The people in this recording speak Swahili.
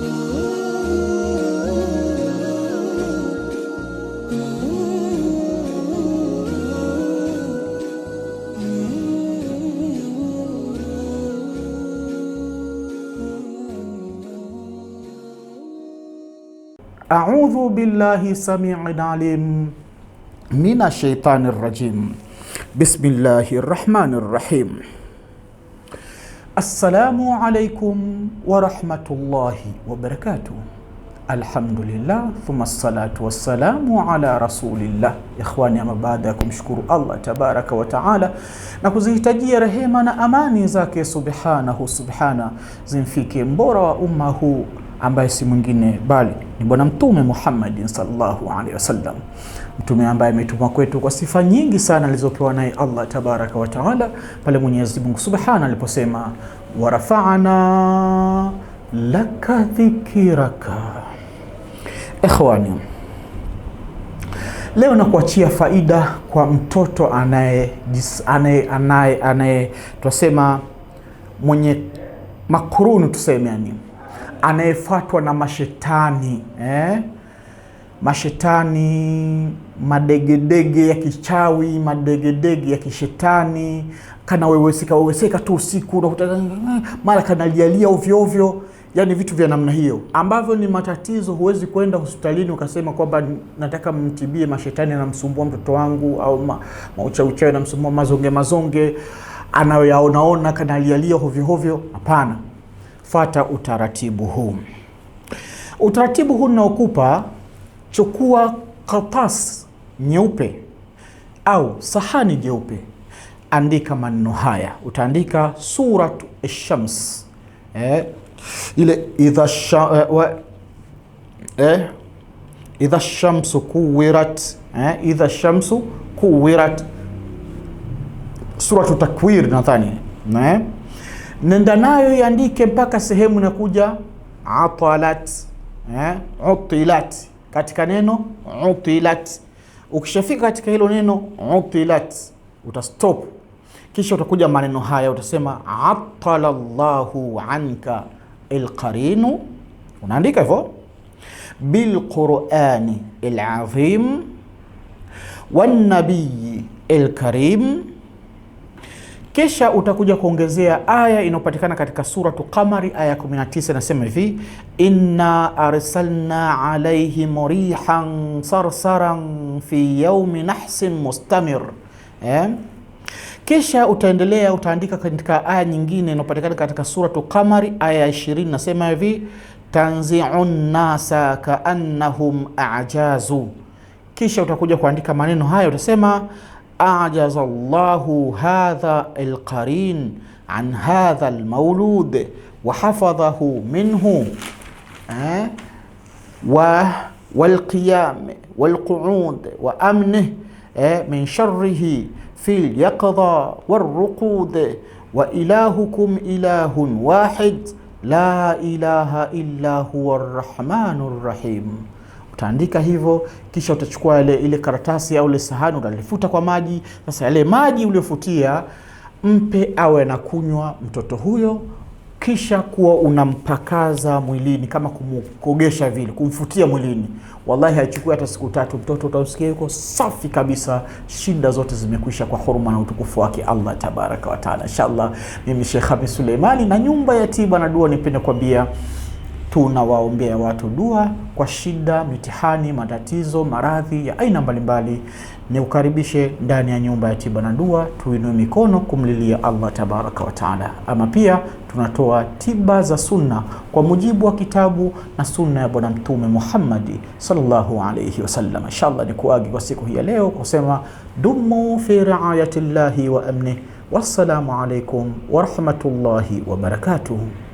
أعوذ بالله سميع العليم من الشيطان الرجيم بسم الله الرحمن الرحيم Assalamu alaikum warahmatullahi wabarakatuh. Alhamdulillah thumma salatu wassalamu ala rasulillah. Ikhwani, ama baada ya kumshukuru Allah tabaraka wa taala na kuzihitajia rehema na amani zake subhanahu subhana zimfike mbora wa umma huu ambaye si mwingine bali ni Bwana Mtume Muhammad sallallahu alaihi wasallam, mtume ambaye ametumwa kwetu kwa sifa nyingi sana alizopewa naye Allah tabaraka wa taala, pale Mwenyezi Mungu subhana aliposema warafa'na laka dhikiraka. Ikhwani, leo nakuachia faida kwa mtoto anaye anaye anaye tunasema mwenye makuruni tuseme yani anayefuatwa na mashetani eh? Mashetani, madegedege ya kichawi, madegedege ya kishetani, kanaweweseka weweseka tu usiku, unakuta mara kanalialia ovyo ovyo, yani vitu vya namna hiyo ambavyo ni matatizo. Huwezi kwenda hospitalini ukasema kwamba nataka mtibie mashetani anamsumbua mtoto wangu, au ma, mauchauchawi anamsumbua, mazonge mazonge anayoyaonaona kanalialia hovyohovyo. Hapana fata utaratibu huu. Utaratibu huu naokupa, chukua karatasi nyeupe au sahani jeupe, andika maneno haya. Utaandika suratu Shams eh, ile idha eh, eh, idha shamsu kuwirat eh, idha shamsu kuwirat, suratu Takwir nadhani eh nenda nayo iandike mpaka sehemu inakuja atalat eh, utilat katika neno utilat. Ukishafika katika hilo neno utilat utastop, kisha utakuja maneno haya utasema atala llahu anka alqarinu, unaandika hivyo bilqurani alazim wanabiyi alkarim kisha utakuja kuongezea aya inayopatikana katika Suratu Qamari aya 19, inasema hivi inna arsalna alaihim rihan sarsaran fi yaumi nahsin mustamir eh? Kisha utaendelea utaandika katika aya nyingine inayopatikana katika Suratu Qamari aya 20, inasema hivi tanziu nnasa kaannahum ajazu. Kisha utakuja kuandika maneno hayo utasema أعجز الله هذا القرين عن هذا المولود وحفظه منه أه؟ و والقيام والقعود وأمنه أه؟ من شره في اليقظة والرقود وإلهكم إله واحد لا إله إلا هو الرحمن الرحيم utaandika hivyo, kisha utachukua ile, ile karatasi au ile sahani utalifuta kwa maji. Sasa yale maji uliofutia mpe awe anakunywa mtoto huyo, kisha kuwa unampakaza mwilini kama kumkogesha vile, kumfutia mwilini. Wallahi haichukui hata siku tatu, mtoto utausikia yuko safi kabisa, shida zote zimekwisha, kwa huruma na utukufu wake Allah tabaraka taala. Inshallah, mimi Sheikh Khamis Suleimani na nyumba ya tiba na dua, nipende kuambia tunawaombea watu dua kwa shida, mitihani, matatizo, maradhi ya aina mbalimbali. Ni ukaribishe ndani ya nyumba ya tiba na dua, tuinue mikono kumlilia Allah tabaraka wa taala. Ama pia tunatoa tiba za sunna kwa mujibu wa kitabu na sunna ya Bwana Mtume Muhammadi sallallahu alayhi wasallam. Inshallah ni kuagi kwa siku hii ya leo kusema dumu fi riayati wa amni, Wassalamu alaikum wa barakatuh.